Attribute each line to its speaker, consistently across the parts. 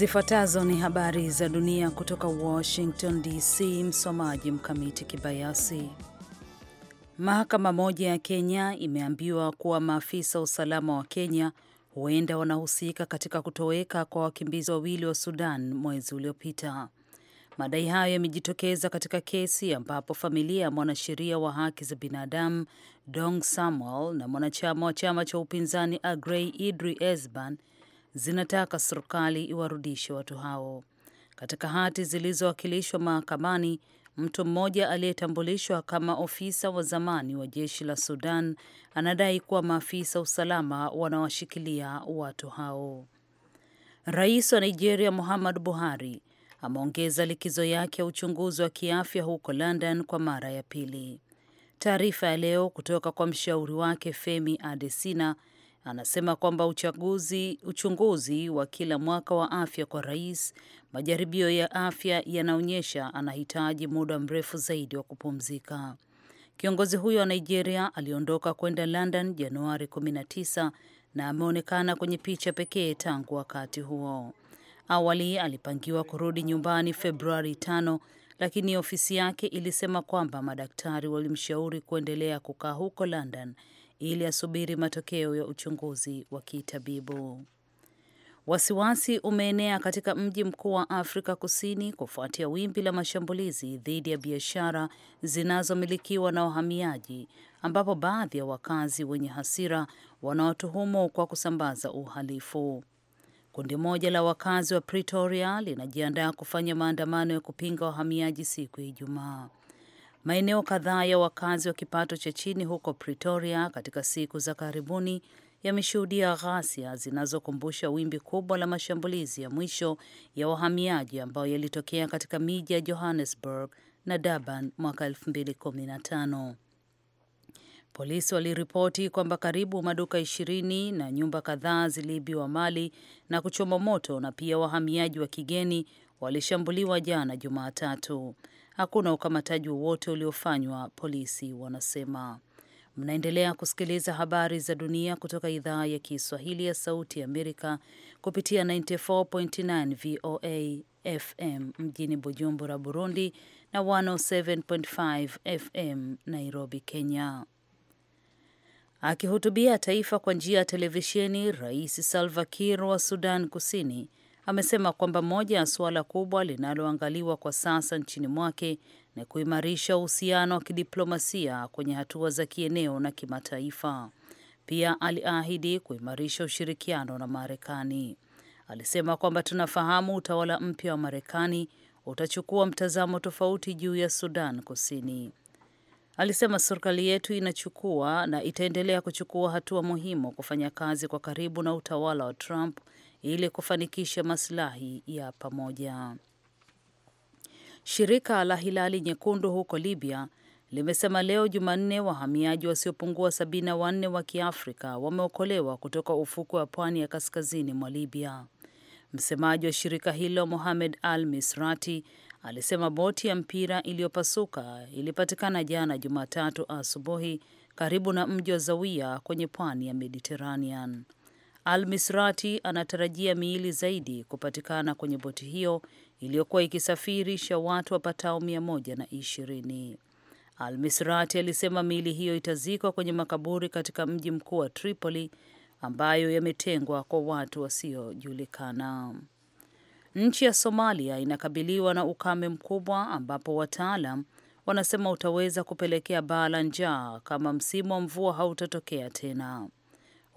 Speaker 1: Zifuatazo ni habari za dunia kutoka Washington DC. Msomaji Mkamiti Kibayasi. Mahakama moja ya Kenya imeambiwa kuwa maafisa usalama wa Kenya huenda wanahusika katika kutoweka kwa wakimbizi wawili wa Sudan mwezi uliopita. Madai hayo yamejitokeza katika kesi ambapo familia ya mwanasheria wa haki za binadamu Dong Samuel na mwanachama wa chama cha upinzani Agrey Idri Esban zinataka serikali iwarudishe watu hao. Katika hati zilizowakilishwa mahakamani, mtu mmoja aliyetambulishwa kama ofisa wa zamani wa jeshi la Sudan anadai kuwa maafisa usalama wanawashikilia watu hao. Rais wa Nigeria Muhammadu Buhari ameongeza likizo yake ya uchunguzi wa kiafya huko London kwa mara ya pili. Taarifa ya leo kutoka kwa mshauri wake Femi Adesina anasema kwamba uchaguzi, uchunguzi wa kila mwaka wa afya kwa rais, majaribio ya afya yanaonyesha anahitaji muda mrefu zaidi wa kupumzika. Kiongozi huyo wa Nigeria aliondoka kwenda London Januari 19 na ameonekana kwenye picha pekee tangu wakati huo. Awali alipangiwa kurudi nyumbani Februari a lakini ofisi yake ilisema kwamba madaktari walimshauri kuendelea kukaa huko London ili asubiri matokeo ya uchunguzi wa kitabibu. Wasiwasi umeenea katika mji mkuu wa Afrika Kusini kufuatia wimbi la mashambulizi dhidi ya biashara zinazomilikiwa na wahamiaji, ambapo baadhi ya wakazi wenye hasira wanawatuhumu kwa kusambaza uhalifu. Kundi moja la wakazi wa Pretoria linajiandaa kufanya maandamano ya kupinga wahamiaji siku ya Ijumaa. Maeneo kadhaa ya wakazi wa kipato cha chini huko Pretoria katika siku za karibuni yameshuhudia ghasia zinazokumbusha wimbi kubwa la mashambulizi ya mwisho ya wahamiaji ambayo yalitokea katika miji ya Johannesburg na Durban mwaka 2015. Polisi waliripoti kwamba karibu maduka ishirini na nyumba kadhaa ziliibiwa mali na kuchoma moto na pia wahamiaji wa kigeni walishambuliwa jana Jumatatu hakuna ukamataji wowote uliofanywa, polisi wanasema. Mnaendelea kusikiliza habari za dunia kutoka idhaa ya Kiswahili ya Sauti ya Amerika kupitia 94.9 VOA FM mjini Bujumbura, Burundi na 107.5 FM Nairobi, Kenya. Akihutubia taifa kwa njia ya televisheni, Rais Salva Kiir wa Sudan Kusini amesema kwamba moja ya suala kubwa linaloangaliwa kwa sasa nchini mwake ni kuimarisha uhusiano wa kidiplomasia kwenye hatua za kieneo na kimataifa. Pia aliahidi kuimarisha ushirikiano na Marekani. Alisema kwamba tunafahamu utawala mpya wa Marekani utachukua mtazamo tofauti juu ya Sudan Kusini. Alisema serikali yetu inachukua na itaendelea kuchukua hatua muhimu kufanya kazi kwa karibu na utawala wa Trump ili kufanikisha masilahi ya pamoja. Shirika la Hilali Nyekundu huko Libya limesema leo Jumanne wahamiaji wasiopungua sabini na wanne wa Kiafrika wameokolewa kutoka ufukwe wa pwani ya kaskazini mwa Libya. Msemaji wa shirika hilo Mohamed Al Misrati alisema boti ya mpira iliyopasuka ilipatikana jana Jumatatu asubuhi karibu na mji wa Zawiya kwenye pwani ya Mediterranean. Al Misrati anatarajia miili zaidi kupatikana kwenye boti hiyo iliyokuwa ikisafirisha watu wapatao mia moja na ishirini. Al Misrati alisema miili hiyo itazikwa kwenye makaburi katika mji mkuu wa Tripoli ambayo yametengwa kwa watu wasiojulikana. Nchi ya Somalia inakabiliwa na ukame mkubwa ambapo wataalam wanasema utaweza kupelekea baa la njaa kama msimu wa mvua hautatokea tena.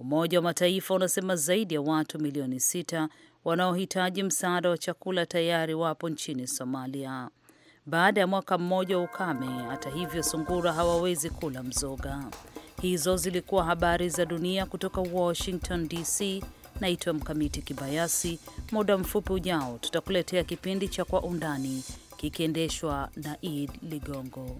Speaker 1: Umoja wa Mataifa unasema zaidi ya watu milioni sita wanaohitaji msaada wa chakula tayari wapo nchini Somalia baada ya mwaka mmoja wa ukame. Hata hivyo, sungura hawawezi kula mzoga. Hizo zilikuwa habari za dunia kutoka Washington DC. Naitwa Mkamiti Kibayasi. Muda mfupi ujao tutakuletea kipindi cha Kwa Undani kikiendeshwa na Id Ligongo.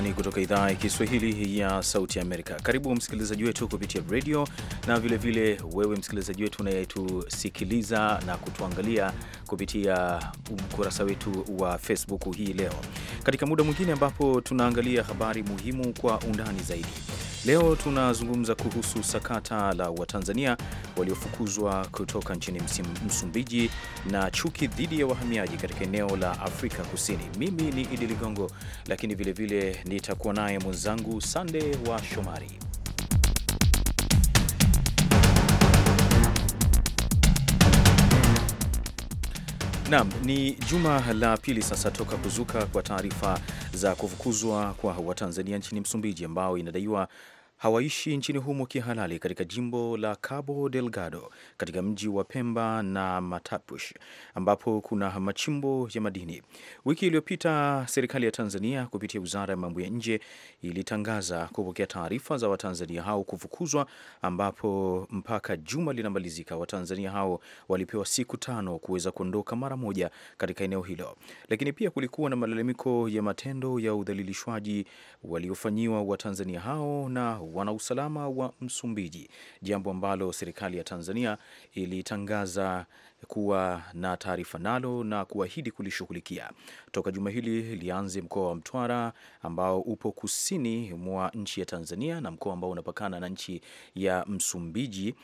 Speaker 2: Undani kutoka idhaa ya Kiswahili ya Sauti ya Amerika. Karibu msikilizaji wetu kupitia redio na vilevile vile, wewe msikilizaji wetu unayetusikiliza na kutuangalia kupitia ukurasa wetu wa Facebook hii leo, katika muda mwingine ambapo tunaangalia habari muhimu kwa undani zaidi. Leo tunazungumza kuhusu sakata la Watanzania waliofukuzwa kutoka nchini Msumbiji na chuki dhidi ya wahamiaji katika eneo la Afrika Kusini. Mimi ni Idi Ligongo, lakini vilevile nitakuwa naye mwenzangu Sande wa Shomari. Naam, ni juma la pili sasa toka kuzuka kwa taarifa za kufukuzwa kwa Watanzania nchini Msumbiji ambao inadaiwa hawaishi nchini humo kihalali katika jimbo la Cabo Delgado katika mji wa Pemba na Matapush ambapo kuna machimbo ya madini. Wiki iliyopita serikali ya Tanzania kupitia wizara ya mambo ya nje ilitangaza kupokea taarifa za Watanzania hao kufukuzwa, ambapo mpaka juma linamalizika Watanzania hao walipewa siku tano kuweza kuondoka mara moja katika eneo hilo, lakini pia kulikuwa na malalamiko ya matendo ya udhalilishwaji waliofanyiwa Watanzania hao na wanausalama wa Msumbiji, jambo ambalo serikali ya Tanzania ilitangaza kuwa na taarifa nalo na kuahidi kulishughulikia toka juma hili lianze. Mkoa wa Mtwara ambao upo kusini mwa nchi ya Tanzania na mkoa ambao unapakana na nchi ya Msumbiji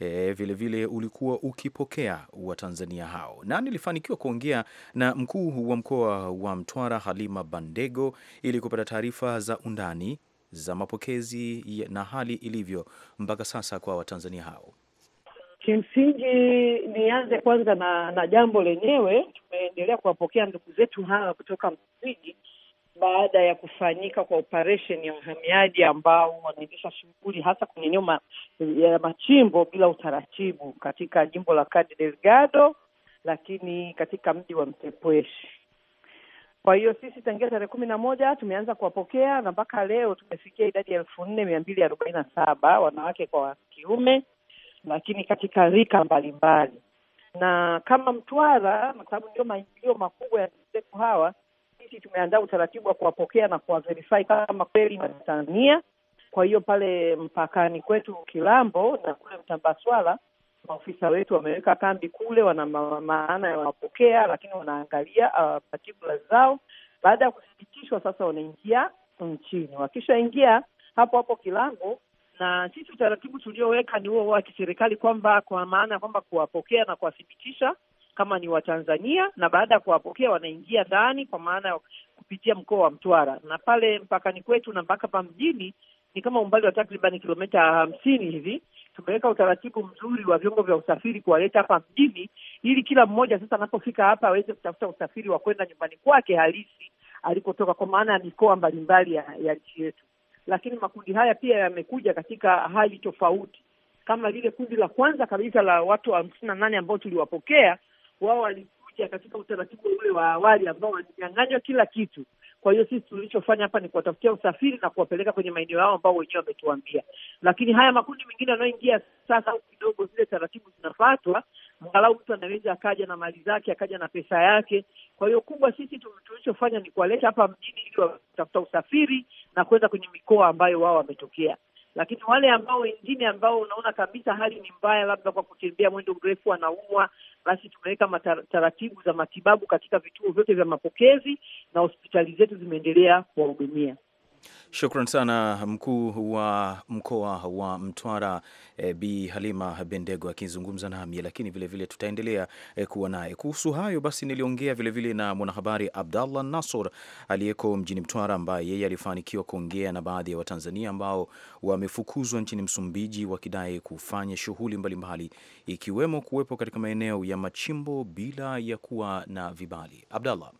Speaker 2: vilevile vile ulikuwa ukipokea Watanzania hao, na nilifanikiwa kuongea na mkuu wa mkoa wa Mtwara Halima Bandego ili kupata taarifa za undani za mapokezi na hali ilivyo mpaka sasa kwa Watanzania hao?
Speaker 3: Kimsingi nianze kwanza na, na jambo lenyewe. Tumeendelea kuwapokea ndugu zetu hawa kutoka Msumbiji baada ya kufanyika kwa operesheni ya uhamiaji ambao wanaendesha shughuli hasa kwenye eneo ya machimbo bila utaratibu katika jimbo la kadi Delgado, lakini katika mji wa Mtepweshi. Kwa hiyo sisi tangia tarehe kumi na moja tumeanza kuwapokea na mpaka leo tumefikia idadi ya elfu nne mia mbili arobaini na saba wanawake kwa wakiume, lakini katika rika mbalimbali Na kama Mtwara, kwa sababu ndio maingilio makubwa ya zeku hawa, sisi tumeandaa utaratibu wa kuwapokea na kuwaverify kama kweli Tanzania. Kwa hiyo pale mpakani kwetu Kilambo na kule Mtambaswala maofisa wetu wameweka kambi kule, wana maana ya wanapokea, lakini wanaangalia uh, particular zao. Baada ya kuthibitishwa, sasa wanaingia nchini. Wakishaingia hapo hapo kilango, na sisi utaratibu tulioweka ni huo huo wa kiserikali, kwamba kwa maana ya kwamba kuwapokea na kuwathibitisha kama ni Watanzania, na baada ya kuwapokea wanaingia ndani, kwa maana ya kupitia mkoa wa Mtwara na pale mpakani kwetu na mpaka pa mjini ni kama umbali wa takriban kilomita hamsini hivi. Tumeweka utaratibu mzuri wa vyombo vya usafiri kuwaleta hapa mjini, ili kila mmoja sasa anapofika hapa aweze kutafuta usafiri wa kwenda nyumbani kwake halisi alikotoka, kwa maana ya mikoa mbalimbali ya nchi yetu. Lakini makundi haya pia yamekuja katika hali tofauti, kama lile kundi la kwanza kabisa la watu hamsini na nane ambao tuliwapokea, wao walikuja katika utaratibu ule wa awali ambao walinyang'anywa kila kitu kwa hiyo sisi tulichofanya hapa ni kuwatafutia usafiri na kuwapeleka kwenye maeneo yao ambao wenyewe wametuambia, lakini haya makundi mengine yanayoingia sasa, au kidogo zile taratibu zinafuatwa, angalau mtu anaweza akaja na mali zake, akaja na pesa yake. Kwa hiyo kubwa, sisi tulichofanya ni kuwaleta hapa mjini ili watafuta usafiri na kwenda kwenye mikoa ambayo wao wametokea. Lakini wale ambao wengine ambao unaona kabisa hali ni mbaya, labda kwa kutembea mwendo mrefu anaumwa, basi tumeweka taratibu za matibabu katika vituo vyote vya mapokezi na hospitali zetu zimeendelea kuwahudumia.
Speaker 2: Shukran sana mkuu wa mkoa wa Mtwara e, Bi Halima Bendego akizungumza nami, lakini vilevile tutaendelea e, kuwa naye kuhusu hayo. Basi niliongea vilevile na mwanahabari Abdallah Nasor aliyeko mjini Mtwara, ambaye yeye alifanikiwa kuongea na baadhi ya Watanzania ambao wamefukuzwa nchini Msumbiji wakidai kufanya shughuli mbalimbali ikiwemo kuwepo katika maeneo ya machimbo bila ya kuwa na vibali. Abdallah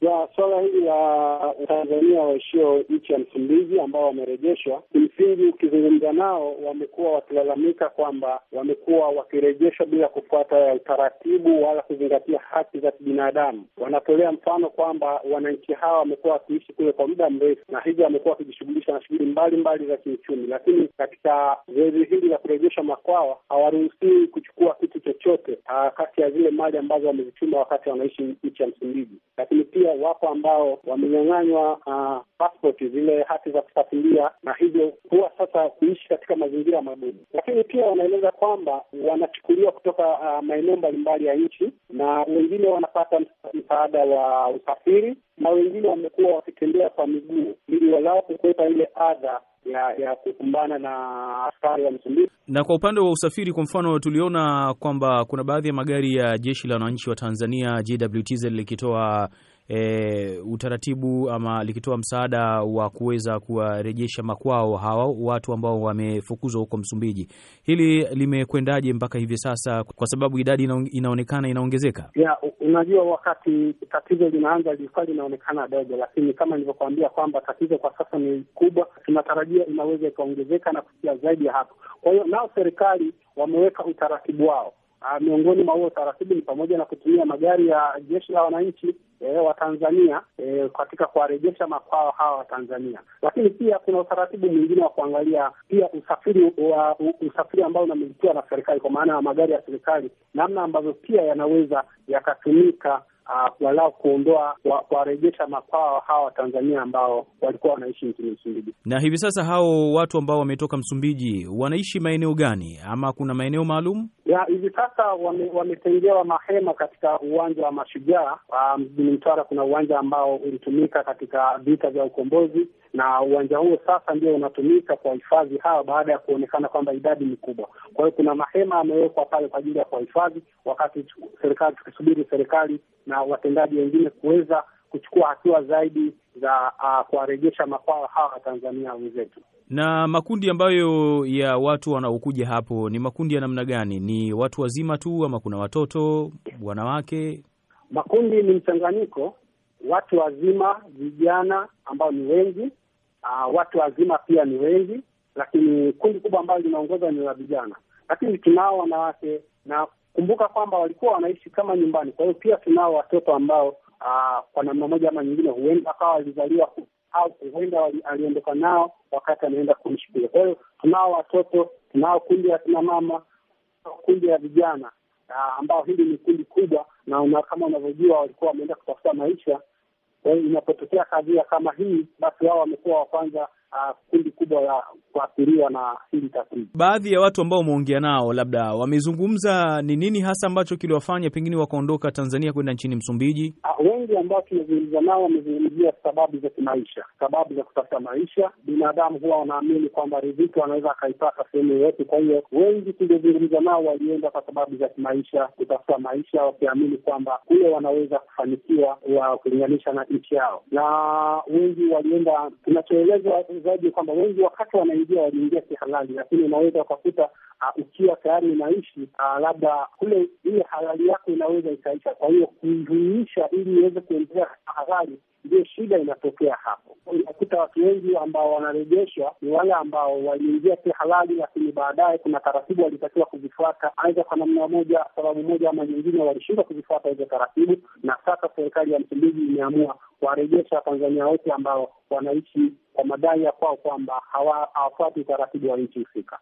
Speaker 4: ya swala hili la tanzania waishio nchi ya Msumbiji ambao wamerejeshwa, kimsingi ukizungumza nao wamekuwa wakilalamika kwamba wamekuwa wakirejeshwa bila kufuata utaratibu wala kuzingatia haki za kibinadamu. Wanatolea mfano kwamba wananchi hawa wamekuwa wakiishi kule kwa muda mrefu, na hivyo wamekuwa wakijishughulisha na shughuli mbalimbali za kiuchumi, lakini katika zoezi hili la kurejeshwa makwao hawaruhusiwi kuchukua kitu chochote ah, kati ya zile mali ambazo wamezichuma wakati wanaishi nchi ya Msumbiji, lakini pia pia wapo ambao wamenyang'anywa uh, ah, pasipoti zile hati za kusafiria, na hivyo huwa sasa kuishi katika mazingira magumu. Lakini pia wanaeleza kwamba wanachukuliwa kutoka uh, maeneo mbalimbali ya nchi, na wengine wanapata msaada wa usafiri, na wengine wamekuwa wakitembea kwa miguu ili walao kukwepa ile adha ya ya kukumbana na askari wa Msumbiji.
Speaker 2: Na kwa upande wa usafiri, kwa mfano, tuliona kwamba kuna baadhi ya magari ya jeshi la wananchi wa Tanzania JWTZ likitoa e, utaratibu ama likitoa msaada wa kuweza kuwarejesha makwao hawa watu ambao wamefukuzwa huko Msumbiji. Hili limekwendaje mpaka hivi sasa, kwa sababu idadi ina, inaonekana inaongezeka? Yeah,
Speaker 4: unajua wakati tatizo linaanza lilikuwa linaonekana dogo, lakini kama nilivyokuambia kwamba tatizo kwa sasa ni kubwa, tunatarajia inaweza ikaongezeka na kufikia zaidi ya hapo. Kwa hiyo nao serikali wameweka utaratibu wao Ah, miongoni mwa huo utaratibu ni pamoja na kutumia magari ya jeshi la wananchi e, wa Tanzania e, katika kuwarejesha makwao hawa wa Tanzania. Lakini pia kuna utaratibu mwingine wa kuangalia pia usafiri wa usafiri ambao unamilikiwa na serikali, kwa maana ya magari ya serikali, namna ambavyo pia yanaweza yakatumika Uh, walau kuondoa kuwarejesha makwao hawa Watanzania ambao walikuwa wanaishi nchini Msumbiji.
Speaker 2: Na hivi sasa hao watu ambao wametoka Msumbiji wanaishi maeneo gani, ama kuna maeneo maalum?
Speaker 4: Ya, hivi sasa wametengewa wame mahema katika uwanja wa Mashujaa uh, mjini Mtwara. Kuna uwanja ambao ulitumika katika vita vya ukombozi na uwanja huo sasa ndio unatumika kwa hifadhi hawa, baada ya kuonekana kwamba idadi ni kubwa. Kwa hiyo kuna mahema yamewekwa pale kwa ajili ya kuwahifadhi, wakati serikali tukisubiri serikali na watendaji wengine kuweza kuchukua hatua zaidi za uh, kuwarejesha makwao hawa Watanzania wenzetu.
Speaker 2: Na makundi ambayo ya watu wanaokuja hapo ni makundi ya namna gani? Ni watu wazima tu ama kuna watoto, wanawake?
Speaker 4: Makundi ni mchanganyiko watu wazima, vijana ambao ni wengi uh, watu wazima pia ni wengi, lakini kundi kubwa ambalo linaongoza ni la vijana, lakini tunao wanawake na kumbuka kwamba walikuwa wanaishi kama nyumbani. Kwa hiyo pia tunao watoto ambao uh, kwa namna moja ama nyingine huenda akawa walizaliwa au huenda aliondoka nao wakati anaenda kuishi kule. Kwa hiyo tunao watoto, tunao kundi la kina mama, kundi la vijana uh, ambao hili ni kundi kubwa, na una, kama unavyojua walikuwa wameenda kutafuta maisha inapotokea kadhia kama hii, basi wao wamekuwa wa kwanza Ah, kundi kubwa la kuathiriwa na
Speaker 2: hili tatizo. Baadhi ya watu ambao umeongea nao, labda wamezungumza ni nini hasa ambacho kiliwafanya pengine wakaondoka Tanzania kwenda nchini Msumbiji?
Speaker 4: Uh, wengi ambao tumezungumza nao wamezungumzia sababu za kimaisha, sababu za kutafuta maisha. Binadamu huwa wanaamini kwamba riziki wanaweza akaipata sehemu yoyote, kwa hiyo wengi tuliozungumza nao walienda kwa sababu za kimaisha, kutafuta maisha, wakiamini kwamba kule wanaweza kufanikiwa wa kulinganisha na nchi yao, na wengi walienda, tunachoelezwa zaidi kwamba wengi wakati wanaingia waliingia kihalali, lakini unaweza ukakuta uh, ukiwa tayari unaishi uh, labda kule ile halali yako inaweza ikaisha. Kwa hiyo kuihuisha ili iweze kuendelea katika halali ndiyo shida inatokea hapo. Unakuta watu wengi ambao wanarejeshwa ni wale ambao waliingia tu halali, lakini baadaye kuna taratibu walitakiwa kuzifuata, aidha kwa namna moja, sababu moja ama nyingine, walishindwa kuzifuata hizo taratibu, na sasa serikali ya Msumbiji imeamua kuwarejesha Watanzania wote ambao wanaishi kwa madai ya kwao kwamba hawafuati utaratibu wa nchi husika.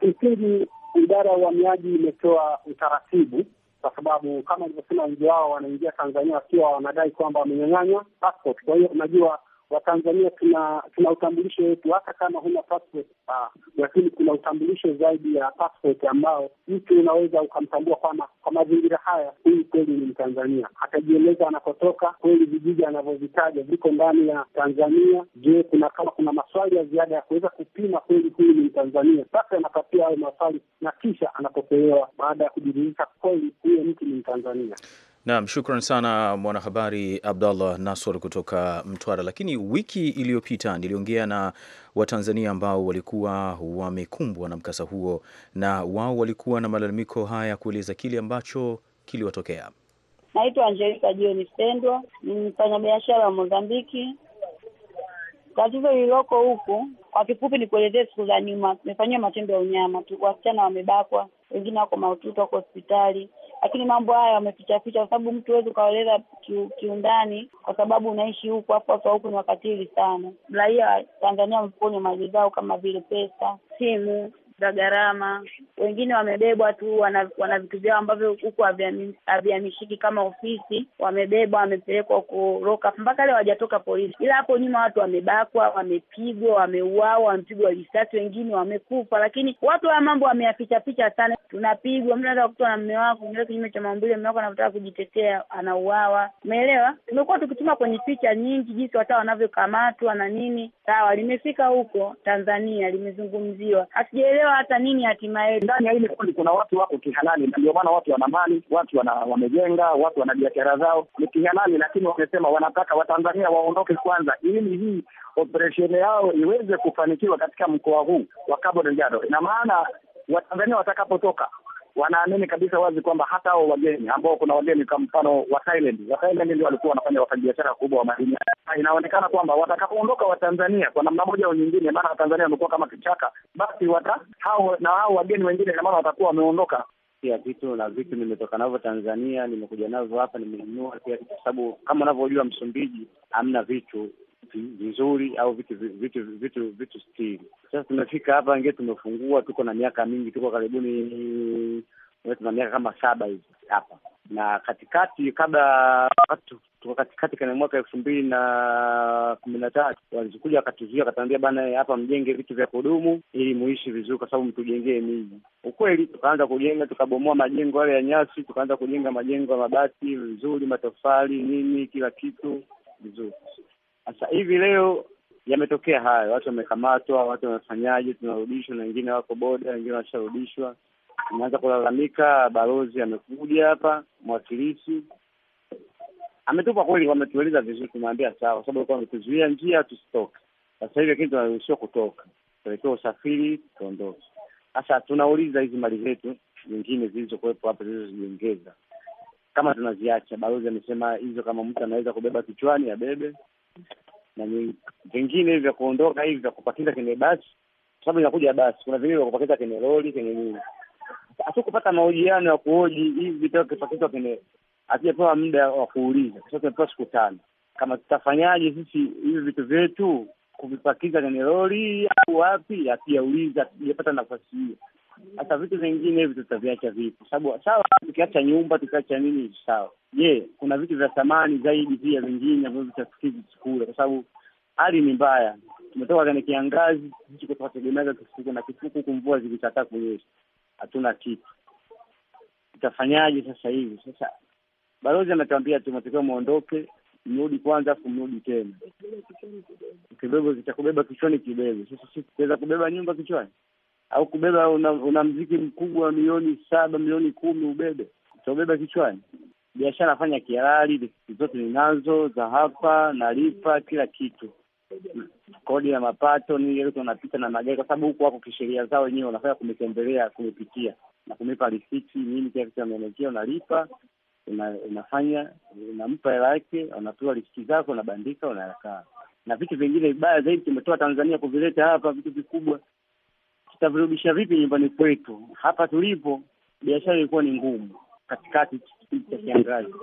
Speaker 4: Kimsingi, idara ya uhamiaji imetoa utaratibu, kwa sababu kama ilivyosema, wengi wao wanaingia Tanzania wakiwa wanadai kwamba wamenyang'anywa passport. Kwa hiyo unajua Watanzania tuna tuna utambulisho wetu, hata kama huna passport ah, lakini kuna utambulisho zaidi ya passport ambao mtu unaweza ukamtambua kwamba kwa mazingira haya huyu kweli ni Mtanzania, atajieleza anakotoka, kweli vijiji anavyovitaja viko ndani ya Tanzania. Je, kuna kama kuna maswali ya ziada ya kuweza kupima kweli huyu ni Mtanzania, basi anapatia hayo maswali na kisha anapokelewa baada ya kujiridhisha kweli huyo mtu ni Mtanzania.
Speaker 2: Naam, shukran sana mwanahabari Abdallah Nasor kutoka Mtwara. Lakini wiki iliyopita niliongea na Watanzania ambao walikuwa wamekumbwa na mkasa huo, na wao walikuwa na malalamiko haya, kueleza kile ambacho kiliwatokea.
Speaker 5: Naitwa Angelika Jioni Sendwa, ni mfanyabiashara wa Mozambiki. Tatizo lililoko huku kwa kifupi ni kuelezea, siku za nyuma tumefanyiwa matendo ya unyama tu, wasichana wamebakwa, wengine wako maututo, wako hospitali lakini mambo haya wamefichaficha, kwa sababu mtu huwezi ukaoleza kiundani, kwa sababu unaishi huku, afu watu huku ni wakatili sana. Raia Tanzania wameponywa mali zao kama vile pesa, simu za gharama. Wengine wamebebwa tu, wana, wana vitu vyao ambavyo huku haviamishiki kama ofisi, wamebebwa wamepelekwa huko mpaka leo hawajatoka polisi, ila hapo nyuma watu wamebakwa, wamepigwa, wameuawa, wamepigwa risasi, wengine wamekufa, lakini watu haya mambo wameyaficha picha sana. Tunapigwa, mtu anaweza kukutwa na mme wako unaenda kinyume cha maumbile, mme wako anavyotaka kujitetea, anauawa. Umeelewa? Tumekuwa tukituma kwenye picha nyingi jinsi watu wanavyokamatwa na nini. Sawa, limefika huko Tanzania, limezungumziwa, hatujaelewa kuelewa hata nini hatimaye.
Speaker 4: Ndani ya hili kundi kuna watu wako kihalali, na ndio maana watu wana mali, watu wana wamejenga, watu wana biashara zao ni kihalali, lakini wamesema wanataka Watanzania waondoke kwanza, ili hii operesheni yao iweze kufanikiwa katika mkoa huu wa Cabo Delgado. Ina maana Watanzania watakapotoka wanaamini kabisa wazi kwamba hata hao wageni ambao kuna wageni kwa mfano wa Thailand, wa Thailand ndio walikuwa wanafanya wafanyabiashara kubwa wa madini. Inaonekana kwamba watakapoondoka Watanzania kwa namna moja au nyingine, maana Watanzania wamekuwa kama kichaka, basi wata hao na hao wageni wengine, ina maana watakuwa wameondoka pia vitu na vitu nimetoka navyo Tanzania, nimekuja navyo hapa, nimenunua pia, kwa sababu kama unavyojua Msumbiji hamna vitu viti vizuri au vitu vitu vitu vitu stili. Sasa tumefika hapa, ngie tumefungua, tuko na miaka mingi, tuko karibuni, eh, tuna miaka kama saba hivi hapa na katikati, kabla tuko katikati kana mwaka elfu mbili na kumi na tatu walikuja wakatuzuia, wakatuambia bana, eh, hapa mjenge vitu vya kudumu ili muishi vizuri, kwa sababu mtujengee miji. Ukweli tukaanza kujenga, tukabomoa majengo yale ya nyasi, tukaanza kujenga majengo ya mabati vizuri, matofali, nini, kila kitu vizuri. Sasa hivi leo yametokea hayo, watu wamekamatwa, watu wamefanyaje, tunarudishwa na wengine wako boda, wengine washarudishwa, imeanza kulalamika. Balozi amekuja hapa, mwakilishi ametupa kweli, wametueleza vizuri, tumeambia sawa, kwa sababu wametuzuia njia tusitoke. Sasa hivi lakini tunaruhusiwa kutoka, tuelekea usafiri, tuondoke. Sasa tunauliza hizi mali zetu nyingine zilizokuwepo hapa zilizojiongeza, kama tunaziacha, balozi amesema hizo, kama mtu anaweza kubeba kichwani abebe, na vingine vya kuondoka hivi vya kupakiza kwenye basi, kwa sababu inakuja basi, kuna vingine vya kupakiza kwenye lori, kwenye nini. Hatukupata mahojiano ya kuhoji hivi vitabu kipakizwa kwenye, hatujapewa muda wa kuuliza, kwa sababu tumepewa siku tano, kama tutafanyaje sisi hivi vitu vyetu kuvipakiza kwenye lori au wapi, hatujauliza, hatujapata nafasi hiyo. Hata vitu vingine hivi tutaviacha vipi? Kwa sababu sawa, tukiacha nyumba tukiacha nini, sawa je, kuna vitu vya thamani zaidi pia vingine ambavyo vitafikiri tuchukue, kwa sababu hali ni mbaya. Tumetoka kwenye kiangazi hichi tukategemeza kifuku na kifuku, huku mvua zikikataa kunyesha, hatuna kitu. itafanyaje sasa hivi? Sasa balozi anatuambia tu matokeo mwondoke, mrudi kwanza, afu mrudi tena. Kibebo zitakubeba kichwani, kibebo sasa. Si tutaweza kubeba nyumba kichwani au kubeba una, una mziki mkubwa milioni saba milioni kumi ubebe, utaubeba kichwani? biashara nafanya kihalali, risiti zote ninazo za hapa, nalipa kila kitu, kodi na mapato nilikuwa napita na magari, kwa sababu huku wako kisheria zao wenyewe, unafanya kumetembelea, kumepitia na kunipa risiti nini, kila kitu ameelekea, unalipa una, unafanya unampa hela yake, unapewa risiti zako, unabandika, unakaa na vitu vingine vibaya zaidi tumetoa Tanzania kuvileta hapa, vitu vikubwa tutavirudisha vipi nyumbani kwetu? Hapa tulipo biashara ilikuwa ni ngumu katikati kipindi cha kiangazi,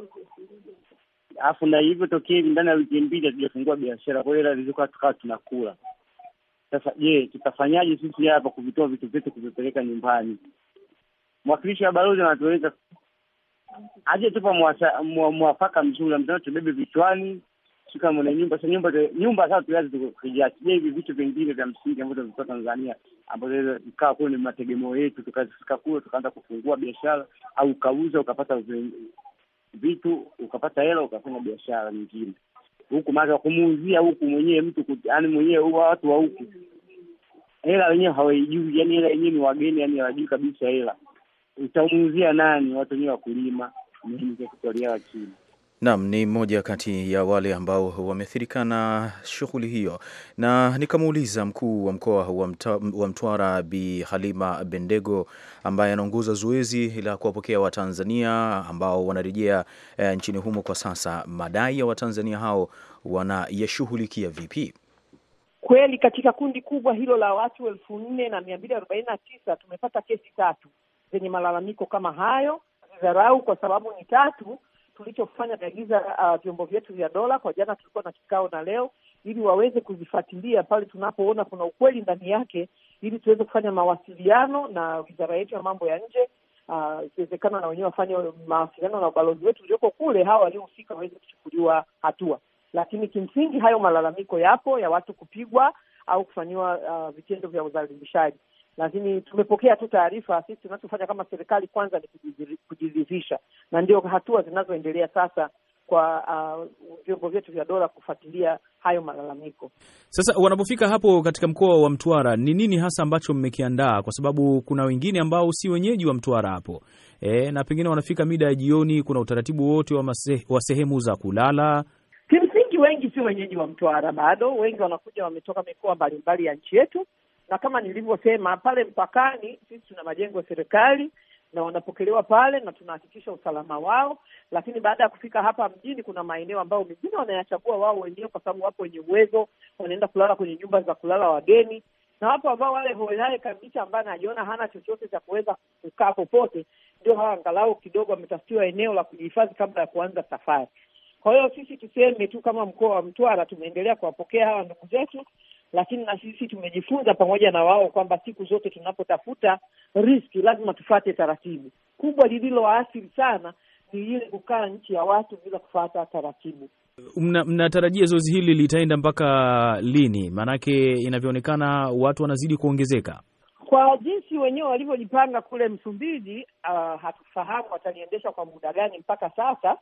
Speaker 4: alafu na hivyo tokea ndani ya wiki mbili hatujafungua biashara, kwa hiyo lazima tukawa tunakula. Sasa je, tutafanyaje sisi hapa kuvitoa vitu vyetu kuvipeleka nyumbani? Mwakilishi wa balozi anatueleza aje tupa mwafaka mzuri, ambayo tubebe vichwani shikamo na nyumba sa nyumba nyumba sasa tuweze tukijiachia hivi vitu vingine vya msingi ambavyo vilikuwa Tanzania ambazo ikawa kuwa ni mategemeo yetu, tukafika kule tukaanza kufungua biashara au ukauza ukapata vitu ukapata hela ukafanya biashara nyingine huku, maana kumuuzia huku mwenyewe mtu yaani mwenyewe huwa watu wa huku hela wenyewe hawaijui, yani hela yenyewe ni wageni, yani hawajui kabisa hela. Utamuuzia nani? Watu wenyewe wakulima, mimi ndio kutolia chini
Speaker 2: Naam, ni mmoja kati ya wale ambao wameathirika na shughuli hiyo, na nikamuuliza mkuu wa mkoa wa Mtwara Bi Halima Bendego ambaye anaongoza zoezi la kuwapokea Watanzania ambao wanarejea e, nchini humo kwa sasa, madai ya Watanzania hao wanayashughulikia vipi?
Speaker 3: Kweli katika kundi kubwa hilo la watu elfu nne na mia mbili arobaini na tisa tumepata kesi tatu zenye malalamiko kama hayo, dharau kwa sababu ni tatu tulichofanya kaagiza uh, vyombo vyetu vya dola. Kwa jana tulikuwa na kikao na leo, ili waweze kuzifuatilia pale tunapoona kuna ukweli ndani yake, ili tuweze kufanya mawasiliano na wizara yetu ya mambo ya nje uh, ikiwezekana, uh, na wenyewe wafanye mawasiliano na ubalozi wetu ulioko kule, hawa waliohusika waweze kuchukuliwa hatua. Lakini kimsingi hayo malalamiko yapo ya watu kupigwa au kufanyiwa uh, vitendo vya udhalilishaji lakini tumepokea tu taarifa. Sisi tunachofanya kama serikali kwanza ni kujiridhisha, na ndio hatua zinazoendelea sasa kwa uh, vyombo uh, vyetu vya dola kufuatilia hayo malalamiko.
Speaker 2: Sasa wanapofika hapo katika mkoa wa Mtwara, ni nini hasa ambacho mmekiandaa? Kwa sababu kuna wengine ambao si wenyeji wa Mtwara hapo e, na pengine wanafika mida ya jioni. Kuna utaratibu wote wa, wa sehemu za kulala?
Speaker 3: Kimsingi wengi si wenyeji wa Mtwara bado, wengi wanakuja wametoka mikoa mbalimbali ya nchi yetu, na kama nilivyosema pale mpakani, sisi tuna majengo ya serikali na wanapokelewa pale na tunahakikisha usalama wao. Lakini baada ya kufika hapa mjini, kuna maeneo ambayo mengine wanayachagua wao wenyewe, kwa sababu wapo wenye uwezo, wanaenda kulala kwenye nyumba za kulala wageni, na wapo ambao wale hohehahe kabisa, ambaye anajiona hana chochote cha kuweza kukaa popote, ndio hawa angalau kidogo wametafutiwa eneo la kujihifadhi kabla ya kuanza safari. Kwa hiyo sisi tuseme tu kama mkoa wa Mtwara tumeendelea kuwapokea hawa ndugu zetu lakini na sisi tumejifunza pamoja na wao kwamba siku zote tunapotafuta riski lazima tufate taratibu. Kubwa lililoathiri sana ni ile kukaa nchi ya watu bila kufata taratibu.
Speaker 2: Mnatarajia mna zoezi hili litaenda mpaka lini? Maanake inavyoonekana watu wanazidi kuongezeka.
Speaker 3: Kwa jinsi wenyewe walivyojipanga kule Msumbiji, uh, ah, hatufahamu wataliendesha kwa muda gani mpaka sasa,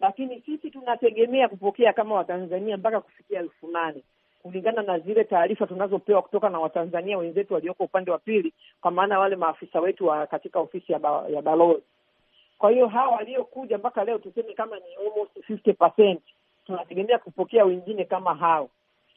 Speaker 3: lakini sisi tunategemea kupokea kama Watanzania mpaka kufikia elfu nane kulingana na zile taarifa tunazopewa kutoka na Watanzania wenzetu walioko upande wa pili, kwa maana wale maafisa wetu wa katika ofisi ya, ba, ya balozi. Kwa hiyo hawa waliokuja mpaka leo tuseme kama ni almost 50% tunategemea kupokea wengine kama hao,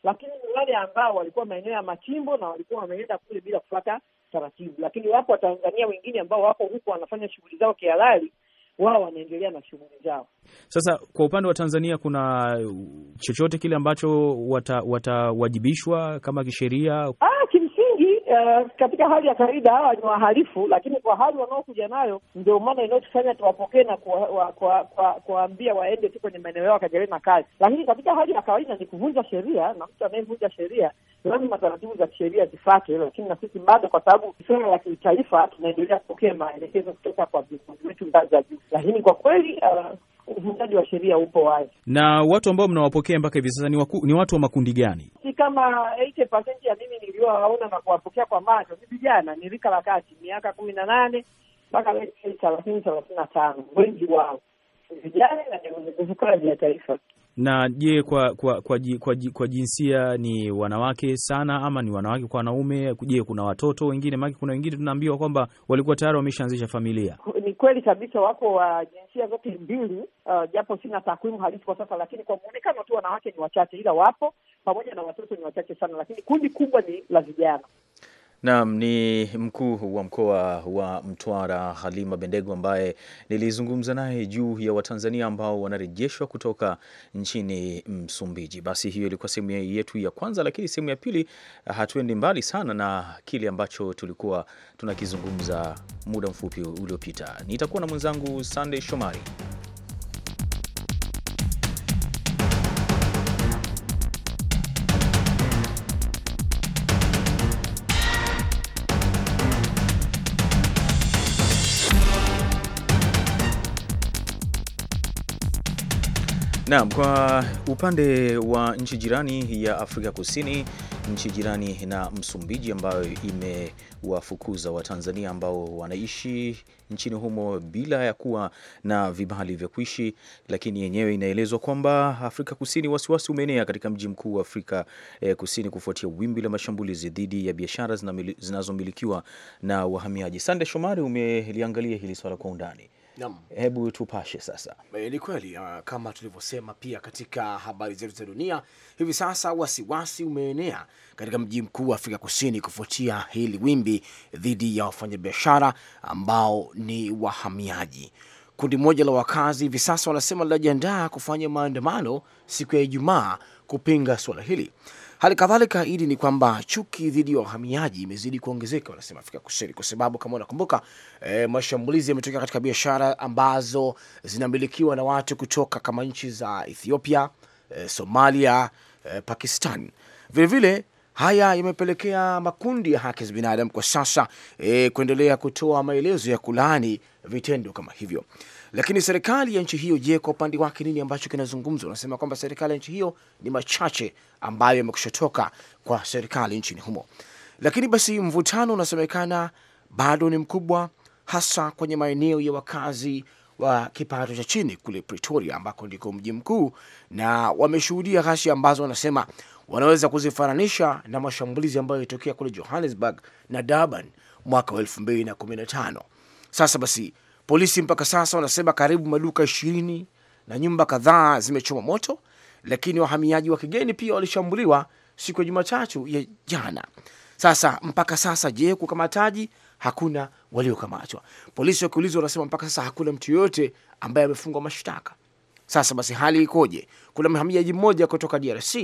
Speaker 3: lakini ni wale ambao walikuwa maeneo ya machimbo na walikuwa wameenda kule bila kufuata taratibu. Lakini wapo Watanzania wengine ambao wako huko wanafanya shughuli zao kihalali, wao wanaendelea na shughuli zao.
Speaker 2: Sasa kwa upande wa Tanzania, kuna uh, chochote kile ambacho watawajibishwa wata kama kisheria?
Speaker 3: ah, Eh, katika hali ya kawaida hawa ni wahalifu, lakini kwa hali wanaokuja nayo ndio maana inayotufanya tuwapokee na kuwaambia waende tu kwenye maeneo yao wakaendelee na kazi. Lakini katika hali ya kawaida ni kuvunja sheria, na mtu anayevunja sheria lazima taratibu za kisheria zifate Lakini na sisi bado, kwa sababu sera ya kitaifa, tunaendelea kupokea maelekezo kutoka kwa viongozi wetu ngazi za juu, lakini kwa kweli uh, uvunjaji wa sheria upo wazi.
Speaker 2: Na watu ambao mnawapokea mpaka hivi sasa ni, ni watu wa makundi gani?
Speaker 3: Si kama 80% ya mimi niliowaona na kuwapokea kwa macho ni vijana, ni rika la kati, miaka kumi na nane mpaka thelathini thelathini na tano, wengi wao vijana na ya taifa
Speaker 2: na je, kwa, kwa, kwa, kwa, kwa jinsia ni wanawake sana ama ni wanawake kwa wanaume? Je, kuna watoto wengine? Maana kuna wengine tunaambiwa kwamba walikuwa tayari wameshaanzisha familia.
Speaker 3: Ni kweli kabisa, wako wa jinsia zote mbili. Uh, japo sina takwimu halisi kwa sasa, lakini kwa mwonekano tu wanawake ni wachache, ila wapo, pamoja na watoto ni wachache sana, lakini kundi kubwa ni la vijana.
Speaker 2: Naam, ni mkuu wa mkoa wa Mtwara Halima bendego ambaye nilizungumza naye juu ya Watanzania ambao wanarejeshwa kutoka nchini Msumbiji. Basi hiyo ilikuwa sehemu yetu ya kwanza, lakini sehemu ya pili hatuendi mbali sana na kile ambacho tulikuwa tunakizungumza muda mfupi uliopita. Nitakuwa na mwenzangu Sunday Shomari. Naam, kwa upande wa nchi jirani ya Afrika Kusini, nchi jirani na Msumbiji ambayo imewafukuza Watanzania ambao wanaishi nchini humo bila ya kuwa na vibali vya kuishi, lakini yenyewe inaelezwa kwamba Afrika Kusini, wasiwasi umeenea katika mji mkuu wa Afrika eh, Kusini kufuatia wimbi la mashambulizi dhidi ya biashara zinazomilikiwa na wahamiaji. Sande Shomari, umeliangalia hili swala kwa undani. Naam. Hebu tupashe sasa.
Speaker 6: E, ni kweli uh, kama tulivyosema pia katika habari zetu za dunia, hivi sasa wasiwasi umeenea katika mji mkuu wa Afrika Kusini kufuatia hili wimbi dhidi ya wafanyabiashara ambao ni wahamiaji. Kundi moja la wakazi hivi sasa wanasema linajiandaa kufanya maandamano siku ya Ijumaa kupinga suala hili. Hali kadhalika ili ni kwamba chuki dhidi ya wahamiaji imezidi kuongezeka, wanasema Afrika Kusini, kwa sababu kama unakumbuka e, mashambulizi yametokea katika biashara ambazo zinamilikiwa na watu kutoka kama nchi za Ethiopia, e, Somalia, e, Pakistan vilevile vile, haya yamepelekea makundi ya haki za binadamu kwa sasa e, kuendelea kutoa maelezo ya kulaani vitendo kama hivyo. Lakini serikali ya nchi hiyo, je, kwa upande wake nini ambacho kinazungumzwa? Unasema kwamba serikali ya nchi hiyo ni machache ambayo yamekushotoka toka kwa serikali nchini humo, lakini basi mvutano unasemekana bado ni mkubwa, hasa kwenye maeneo ya wakazi wa kipato cha chini kule Pretoria, ambako ndiko mji mkuu, na wameshuhudia ghasia ambazo wanasema wanaweza kuzifananisha na mashambulizi ambayo yalitokea kule Johannesburg na Durban mwaka wa elfu mbili na kumi na tano. Sasa basi Polisi mpaka sasa wanasema karibu maduka ishirini na nyumba kadhaa zimechoma moto, lakini wahamiaji wa kigeni pia walishambuliwa siku ya Jumatatu ya jana. Sasa mpaka sasa, je, kukamataji? Hakuna waliokamatwa. Polisi wakiulizwa wanasema mpaka sasa hakuna mtu yoyote ambaye amefungwa mashtaka. Sasa basi, hali ikoje? Kuna mhamiaji mmoja kutoka DRC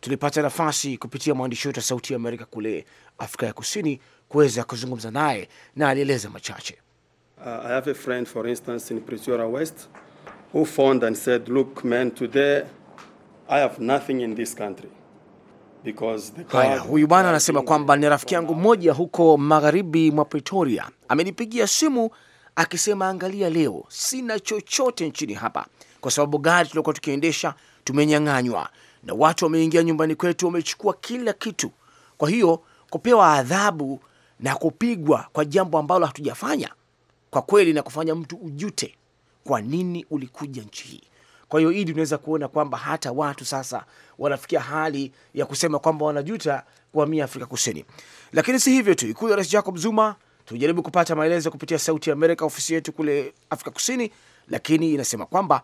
Speaker 6: tulipata nafasi kupitia mwandishi wetu wa Sauti ya Amerika kule Afrika ya Kusini kuweza kuzungumza naye na alieleza machache.
Speaker 2: Uh, I have a friend, for instance, in Pretoria West, who phoned and said, Look, man, today I have nothing in this country. Haya,
Speaker 6: huyu bwana anasema kwamba ni rafiki yangu mmoja huko magharibi mwa Pretoria amenipigia simu akisema, angalia, leo sina chochote nchini hapa, kwa sababu gari tuliokuwa tukiendesha tumenyang'anywa na watu wameingia nyumbani kwetu, wamechukua kila kitu. Kwa hiyo kupewa adhabu na kupigwa kwa jambo ambalo hatujafanya kwa kweli na kufanya mtu ujute kwa nini ulikuja nchi hii. Kwa hiyo Idi, unaweza kuona kwamba hata watu sasa wanafikia hali ya kusema kwamba wanajuta kuhamia Afrika Kusini. Lakini si hivyo tu, ikulu ya Rais Jacob Zuma tujaribu kupata maelezo kupitia Sauti ya Amerika, ofisi yetu kule Afrika Kusini, lakini inasema kwamba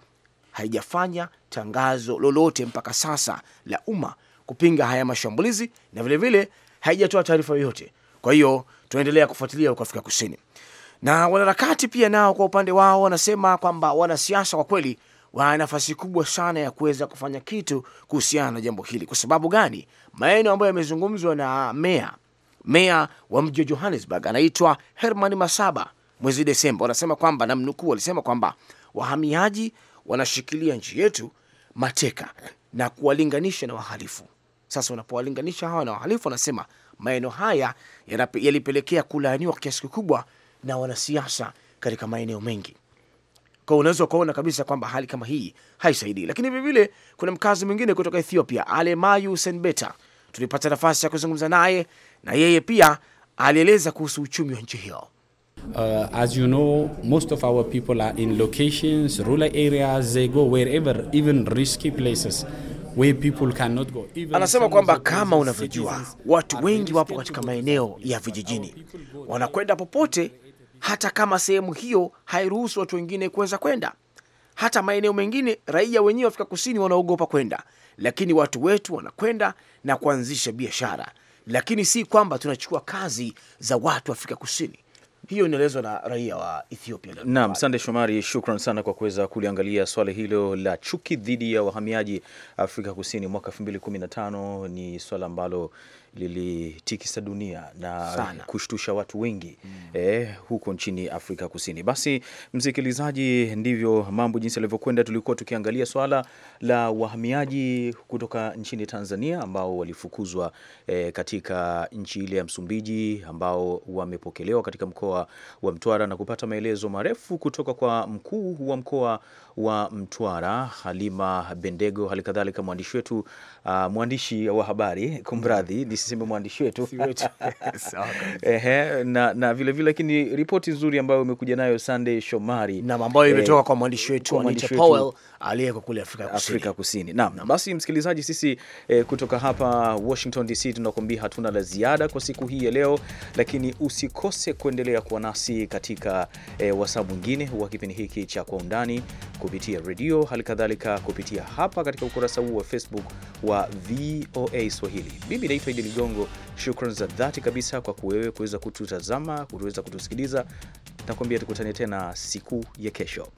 Speaker 6: haijafanya tangazo lolote mpaka sasa la umma kupinga haya mashambulizi na vilevile haijatoa taarifa yoyote. Kwa hiyo tunaendelea kufuatilia huko Afrika Kusini. Na wanaharakati pia nao kwa upande wao wanasema kwamba wanasiasa kwa kweli wana nafasi kubwa sana ya kuweza kufanya kitu kuhusiana na jambo hili. Kwa sababu gani? maeneo ambayo yamezungumzwa na meya meya wa mji wa Johannesburg anaitwa Herman Masaba mwezi Desemba, wanasema kwamba, namnukuu, alisema kwamba wahamiaji wanashikilia nchi yetu mateka na kuwalinganisha na wahalifu. Sasa unapowalinganisha hawa na wahalifu, wanasema maeneo haya yalipelekea kulaaniwa kwa kiasi kikubwa na wanasiasa katika maeneo mengi. Kwa unaweza ukaona kabisa kwamba hali kama hii haisaidii, lakini vilevile kuna mkazi mwingine kutoka Ethiopia, Alemayu Senbeta, tulipata nafasi ya kuzungumza naye na yeye pia alieleza kuhusu uchumi wa nchi hiyo. Uh, as you know, most of our people are in locations, rural areas, they go wherever, even risky places where people cannot go. Even anasema kwamba kama unavyojua watu wengi wapo katika maeneo ya vijijini, wanakwenda popote hata kama sehemu hiyo hairuhusu watu wengine kuweza kwenda. Hata maeneo mengine raia wenyewe Afrika Kusini wanaogopa kwenda, lakini watu wetu wanakwenda na kuanzisha biashara, lakini si kwamba tunachukua kazi za watu Afrika Kusini. Hiyo inaelezwa na raia wa Ethiopia. Naam, Sande
Speaker 2: Shomari, shukran sana kwa kuweza kuliangalia swala hilo la chuki dhidi ya wahamiaji Afrika Kusini mwaka 2015. Ni swala ambalo lilitikisa dunia na Sana. kushtusha watu wengi mm. eh, huko nchini Afrika Kusini. Basi msikilizaji, ndivyo mambo jinsi yalivyokwenda. Tulikuwa tukiangalia swala la wahamiaji kutoka nchini Tanzania ambao walifukuzwa eh, katika nchi ile ya Msumbiji ambao wamepokelewa katika mkoa wa Mtwara na kupata maelezo marefu kutoka kwa mkuu wa mkoa wa Mtwara Halima Bendego, halikadhalika mwandishi wetu uh, mwandishi wa habari kumradhi, nisiseme mwandishi wetu ehe, na, na vile vile, lakini ripoti nzuri ambayo umekuja nayo Sunday Shomari, na ambayo eh, imetoka kwa mwandishi wetu Anita Powell aliyeko kule Afrika Kusini, Afrika Kusini. Naam, na basi msikilizaji, sisi eh, kutoka hapa Washington DC tunakuambia hatuna la ziada kwa siku hii ya leo, lakini usikose kuendelea kuwa nasi katika eh, wasaa mwingine wa kipindi hiki cha kwa undani kupitia redio, halikadhalika kupitia hapa katika ukurasa huu wa Facebook wa wa VOA Swahili. Mimi naitwa Idi Ligongo. Shukrani za dhati kabisa kwa kuwewe kuweza kututazama, kuweza kutusikiliza. Nakwambia tukutane tena siku ya kesho.